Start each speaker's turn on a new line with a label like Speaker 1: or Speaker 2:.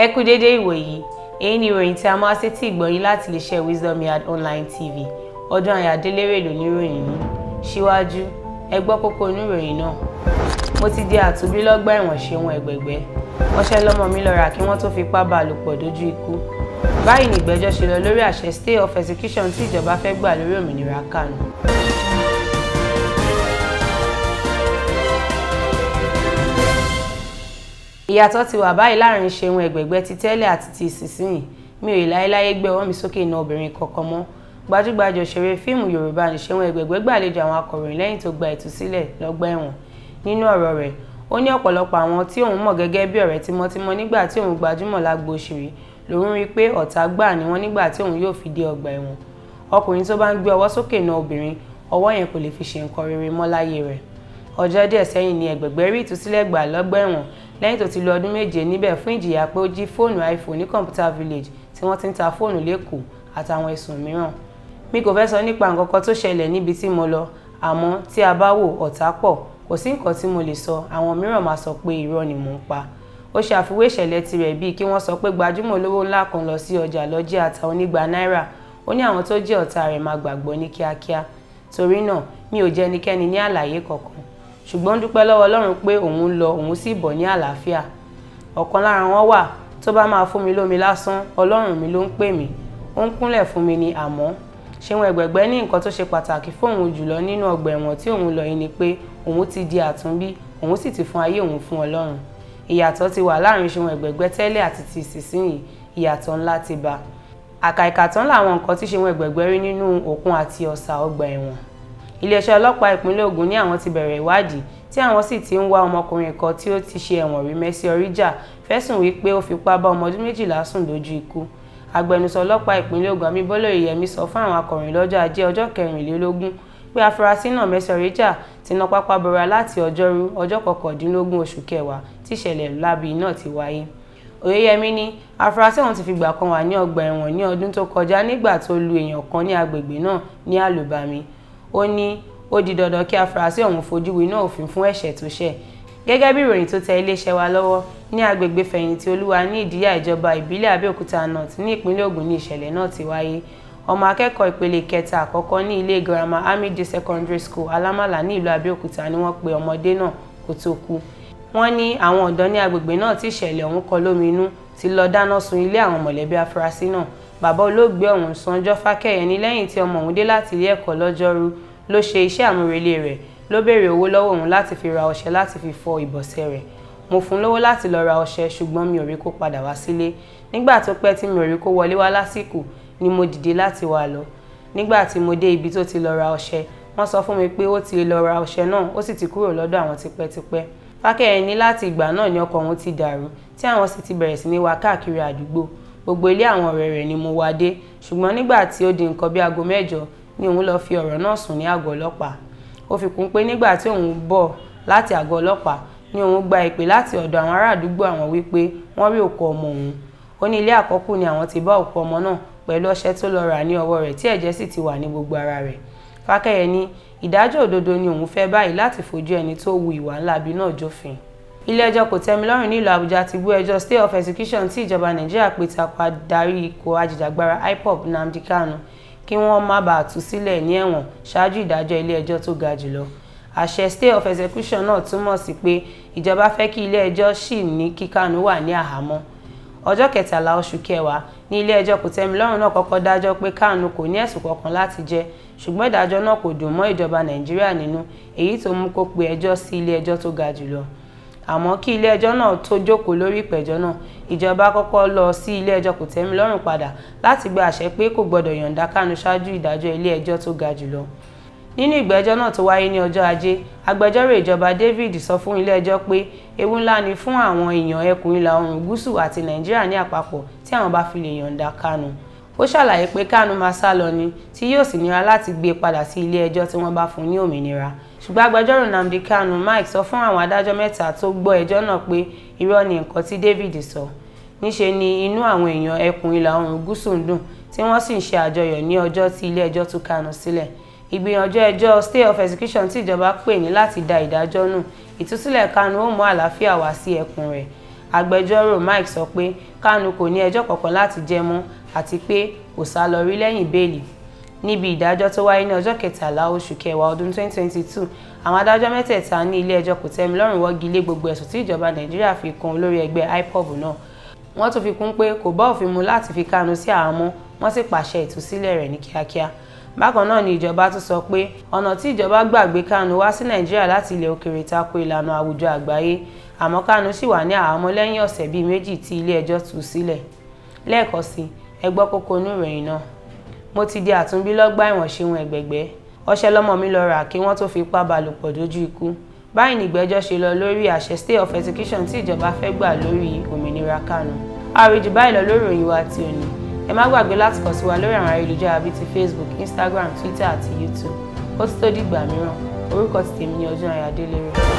Speaker 1: ẹ kú déédéé ìwòyí èyí ni ìròyìn tí a máa ṣe tí ìgbọ̀yìn láti lè ṣe Wisdom Yard online tv ọdún àyà délérè ló ní ìròyìn yìí síwájú ẹ gbọ́ kókó inú ìròyìn náà mo ti di àtúnbí lọ́gbà ẹ̀wọ̀n ṣeun ẹ̀gbẹ̀gbẹ́ ọṣẹ́ lọ́mọ mi lọ́ra kí wọ́n tó fipá bá a lò pọ̀ dójú ikú báyìí nìgbẹ́jọ́ ṣe lọ lórí àṣẹ stay of execution tí ìjọba fẹ́ gbà lórí òmìnira kanu ìyàtọ̀ ti wà báyìí láàrin ṣeun ẹ̀gbẹ̀gbẹ́ ti tẹ́lẹ̀ àti ti ìsinsìnyí mi ò lè láéláé gbé ọwọ́ mi sókè iná obìnrin kankan mọ́ gbajúgbajà òṣèré fíìmù yorùbá ní ṣeun ẹ̀gbẹ̀gbẹ́ gbàlejò àwọn akọ̀ròyìn lẹ́yìn tó gba ìtúsílẹ̀ lọ́gbà ẹ̀wọ̀n nínú ọ̀rọ̀ rẹ̀ ó ní ọ̀pọ̀lọpọ̀ àwọn tí òun mọ̀ gẹ́gẹ́ bí ọ̀rẹ́ tímọ́tímọ́ nígbà tí òun gbajúmọ̀ lágbo òṣèré lòun rí i pé ọ̀tá gbà ní wọn nígbà tí òun yóò fi dé ọgbà ẹ̀wọ̀n ọkùnrin tó bá ń gbé ọwọ́ sókè na obìnrin ọwọ́ yẹn kò lè fi ṣe nǹkan rere mọ́ láyé rẹ̀ ọjọ́ díẹ̀ sẹ́yìn ni ẹ̀gbẹ̀gbẹ́ rí ìtúsílẹ̀ gbà lọ́gbà ẹ̀wọ̀n lẹ́yìn tó ti lo ọdún méje níbẹ̀ fún ìjìyà pé ó jí fóònù iphone ní computer village tí wọ́n ti ń ta fóònù lẹ́kọ̀ọ́ àtàwọn ẹ̀sùn mìíràn mi kò fẹ́ sọ nípa nǹkan kan tó ṣẹlẹ̀ níbi tí mo lọ àmọ́ tí a bá wò ọ̀tá pọ̀ kò sí nǹkan tí mo lè sọ àwọn mìíràn máa sọ pé irọ́ ni mò ń pa ó ṣe àfiwé ìṣẹ̀lẹ̀ tirẹ̀ bíi kí wọ́n sọ pé gbajúmọ̀ olówó ńlá kan lọ sí ọjà lọ jí ata onígba náírà ó ní àwọn tó jẹ́ ọ̀tá rẹ̀ máa gbàgbọ́ ní kíákíá torí náà mi ò jẹ́ ní àlàyé kankan ṣùgbọ́n dúpẹ́ lọ́wọ́ ọlọ́run pé òun lọ òun sì bọ̀ ní àlàáfíà ọ̀kan lára wọn wà tó bá máa fún mi lómi lásán ọlọ́run mi ló ń pè mí ó ń kúnlẹ̀ fún mi ni àmọ́ ṣéun ẹgbẹ̀gbẹ́ ní nǹkan tó ṣe pàtàkì fún òun jùlọ nínú ọgbà ẹ̀wọ̀n tí òun lọ yìí ni pé òun ti di àtúnbí òun sì ti fún ayé òun fún ọlọ́run ìyàtọ̀ ti wà láàrin ṣéun ẹgbẹ̀gbẹ́ tẹ́lẹ̀ àti ti ìsinsìnyí ìyàtọ̀ ńlá ti bá àkàìkàtàn làwọn nǹkan tí ṣéun ẹgbẹ̀gbẹ́ rí nínú òkun àti ọ̀sà ọgbà ẹ̀wọ̀n iléeṣẹ́ ọlọ́pàá ìpínlẹ̀ Ògùn ní àwọn ti bẹ̀rẹ̀ ìwádìí tí àwọn sì ti ń wá ọmọkùnrin kan tí ó ti ṣe ẹ̀wọ̀n rí Mercy Oríjà fẹ̀sùn wípé ó fipá bá ọmọ ọdún méjìlá sùn lójú ikú agbẹnusọ ọlọ́pàá ìpínlẹ̀ Ògùn Abímbọ́lá Oyèyẹmí sọ fún àwọn akọ̀ròyìn lọ́jọ́ ajé ọjọ́ kẹrìnlélógún pé afurasí náà Mercy Oríjà ti ná pápá bora láti ọjọ́rú ọjọ́ kọkàndínlógún oṣù kẹwàá tí ìṣẹ̀lẹ̀ láabi náà ti wáyé oyeyemi ní afurasí ọ̀hún ti fìgbà kan wà ní ọgbà ẹ̀wọ̀n ní ọdún tó kọjá nígbà tó lu èèyàn kan ní agbègbè náà ní àlùbami ó ní ó di dandan kí afurasí ọ̀hún fojú winá òfin fún ẹ̀ṣẹ̀ tó ṣẹ̀ gẹ́gẹ́ bí ìròyìn tó tẹ iléeṣẹ́ wa lọ́wọ́ ní agbègbè fẹ̀yìntì olúwa ní ìdíyà ìjọba ìbílẹ̀ Abẹ́òkúta north ní ìpínlẹ̀ Ògùn ní ìṣẹ̀lẹ̀ náà ti wáyé ọmọ akẹ́kọ̀ọ́ ìpele kẹta àkọ́kọ́ ní ilé girama Amidi secondary school alámàlà ní ìlú Abẹ́òkúta ni wọ́n pe ọmọdé náà kó tó kú wọ́n ní àwọn ọ̀dọ́ ní agbègbè náà tí ìṣẹ̀lẹ̀ ọ̀hún kọ lóminú ti lọ dáná sun ilé àwọn mọ̀lẹ́bí afurasí náà bàbá olóògbé ọ̀hún Sànjọ́ Fákẹ́yẹ ní lẹ́yìn tí ọmọ òun dé láti ilé ẹ̀kọ́ lọ́jọ́rú ló ṣe iṣẹ́ àmúrelé rẹ̀ ló béèrè owó lọ́wọ́ òun láti fi ra ọṣẹ láti fi fọ ìbọ̀sẹ̀ rẹ̀ mo fún lówó láti lọ ra ọṣẹ ṣùgbọ́n mi ò rí kó padà wá sílé nígbà tó pẹ́ tí mi ò rí kó wọlé wá lásìkò ni mo dìde láti wá lọ nígbà tí mo dé ibi tó ti lọ ra ọṣẹ wọ́n sọ fún mi pé ó ti lọ ra ọṣẹ náà ó sì ti kúrò lọ́dọ̀ àwọn tipẹ́tipẹ́ Fákẹ́yẹ láti ìgbà náà ni ọkọ̀ òun ti dàrú tí àwọn sì ti bẹ̀rẹ̀ sí ní wá káàkiri àdúgbò gbogbo ilé àwọn ọ̀rẹ́ rẹ̀ ni mo wá dé ṣùgbọ́n nígbà tí ó di nǹkan bí aago mẹ́jọ ni òun lọ fi ọ̀rọ̀ náà sùn ní àgọ́ ọlọ́pàá ó fi kún pé nígbà tí òun bọ̀ láti àgọ́ ọlọ́pàá ni òun gba ìpè láti ọ̀dọ̀ àwọn ará àdúgbò àwọn wípé wọ́n rí òkú ọmọ òun ó ní ilé àkọ́kù ni àwọn ti bá òkú ọmọ náà pẹ̀lú ọṣẹ tó lọ rà ní ọwọ́ rẹ̀ tí ẹ̀jẹ̀ sì ti wà ní gbogbo ara rẹ̀ fákẹ́yẹ ní ìdájọ́ òdodo ni òun fẹ́ báyìí láti fojú ẹni tó wu ìwà ńlá bí náà jófin ilé-ẹjọ́ kòtẹ́milọ́rùn nílùú àbújá ti gbọ́ ẹjọ́ stay of execution tí ìjọba nàìjíríà pè takò adarí ikọ̀ ajìjàgbara ipob nnamdi kanu kí wọ́n má bàa tú sílẹ̀ ní ẹ̀wọ̀n ṣáájú ìdájọ́ ilé-ẹjọ́ tó ga jùlọ àṣẹ stay of execution náà túmọ̀ sí pé ìjọba fẹ́ kí ilé-ẹjọ́ ṣì ní kí kanu wà ní àhámọ́ ọjọ́ kẹtàlá oṣù kẹwàá ní ilé-ẹjọ́ kòtẹ́milọ́rùn náà kọ́kọ́ dájọ́ pé kanu kò ní ẹ̀sùn kankan láti jẹ ṣùgbọ́n ìdájọ́ náà kò dùn mọ́ ìjọba nàìjíríà nínú èyí tó mú kó pe ẹjọ́ sí ilé-ẹjọ́ tó ga jùlọ àmọ́ kí ilé-ẹjọ́ náà tó jókòó lórí ìpẹ̀jọ́ náà ìjọba kọ́kọ́ lọ sí ilé-ẹjọ́ kòtẹ́milọ́rùn padà láti gba àṣẹ pé kò gbọdọ̀ yọ̀ǹda Kanu ṣáájú ìdájọ́ ilé-ẹjọ́ tó ga jùlọ nínú ìgbẹ́jọ́ náà tó wáyé ní ọjọ́ ajé agbẹjọ́rò ìjọba David sọ fún ilé-ẹjọ́ pé ewu ńlá ni fún àwọn èèyàn ẹkùn ìlà oòrùn gúúsù àti Nàìjíríà ní àpapọ̀ tí àwọn bá fi lè yọ̀ǹda Kanu ó ṣàlàyé pé Kanu máa sá lọ ni tí yóò sì nira láti gbé e padà sí ilé-ẹjọ́ tí wọ́n bá fún ní òmìnira ṣùgbọ́n agbẹjọ́rò Nnamdi Kanu Mike sọ fún àwọn adájọ́ mẹ́ta tó gbọ́ ẹjọ́ náà pé irọ́ ni nǹkan tí David sọ níṣe ni inú àwọn èèyàn ẹkùn ìlà oòrùn gúúsù ń dùn tí wọ́n sì ń ṣe àjọyọ̀ ní ọjọ́ tí ilé ẹjọ́ tú Kanu sílẹ̀ ìgbìyànjú ẹjọ́ stay of execution tí ìjọba pè ní láti da ìdájọ́ nù ìtúsílẹ̀ Kanu ó mú àlàáfíà wá sí ẹkùn rẹ̀ agbẹjọ́rò Mike sọ pé Kanu kò ní ẹjọ́ kankan láti jẹ mọ́ àti pé kò sá lọ rí lẹ́yìn bẹ́ẹ̀lì níbi ìdájọ́ tó wáyé ní ọjọ́ kẹtàlá oṣù kẹwàá ọdún 2022 àwọn adájọ́ mẹ́tẹ̀ẹ̀ta ní ilé-ẹjọ́ kòtẹ́milọ́rùn wọ́gi lé gbogbo ẹ̀sùn tí ìjọba nàìjíríà fi kàn olórí ẹgbẹ́ ipob náà wọ́n tún fi kún pé kò bá òfin mu láti fi Kanu sí àhámọ́ wọ́n sì pàṣẹ ìtúsílẹ̀ rẹ̀ ní kíákíá bákan náà ni ìjọba tún sọ pé ọ̀nà tí ìjọba gbàgbé Kanu wá sí nàìjíríà láti ilẹ̀ òkèèrè tako ìlànà àwùjọ àgbáyé àmọ́ Kanu sì wà ní àhámọ́ lẹ́yìn ọ̀sẹ̀ bíi méjì tí ilé-ẹjọ́ tú sílẹ̀ lẹ́ẹ̀kan sí ẹ kókó inú ìròyìn náà mo ti di àtúnbí lọ́gbà ẹ̀wọ̀n ṣeun ẹ̀gbẹ̀gbẹ́ ọṣẹ lọ́mọ mi lọ rà kí wọ́n tó fi ipá balùpọ̀ dójú ikú báyìí nìgbẹ́jọ́ ṣe lọ lórí àṣẹ stay of execution tí ìjọba fẹ́ gbà lórí òmìnira Kanu àròjù báyìí lọ lórí òyìnbó àti òní ẹ má gbàgbé láti kàn sí wa lórí àwọn ayélujára bíi ti Facebook Instagram Twitter àti YouTube ó ti tó dìgbà mìíràn orúkọ ti tèmi ní ọdún ayádélérè.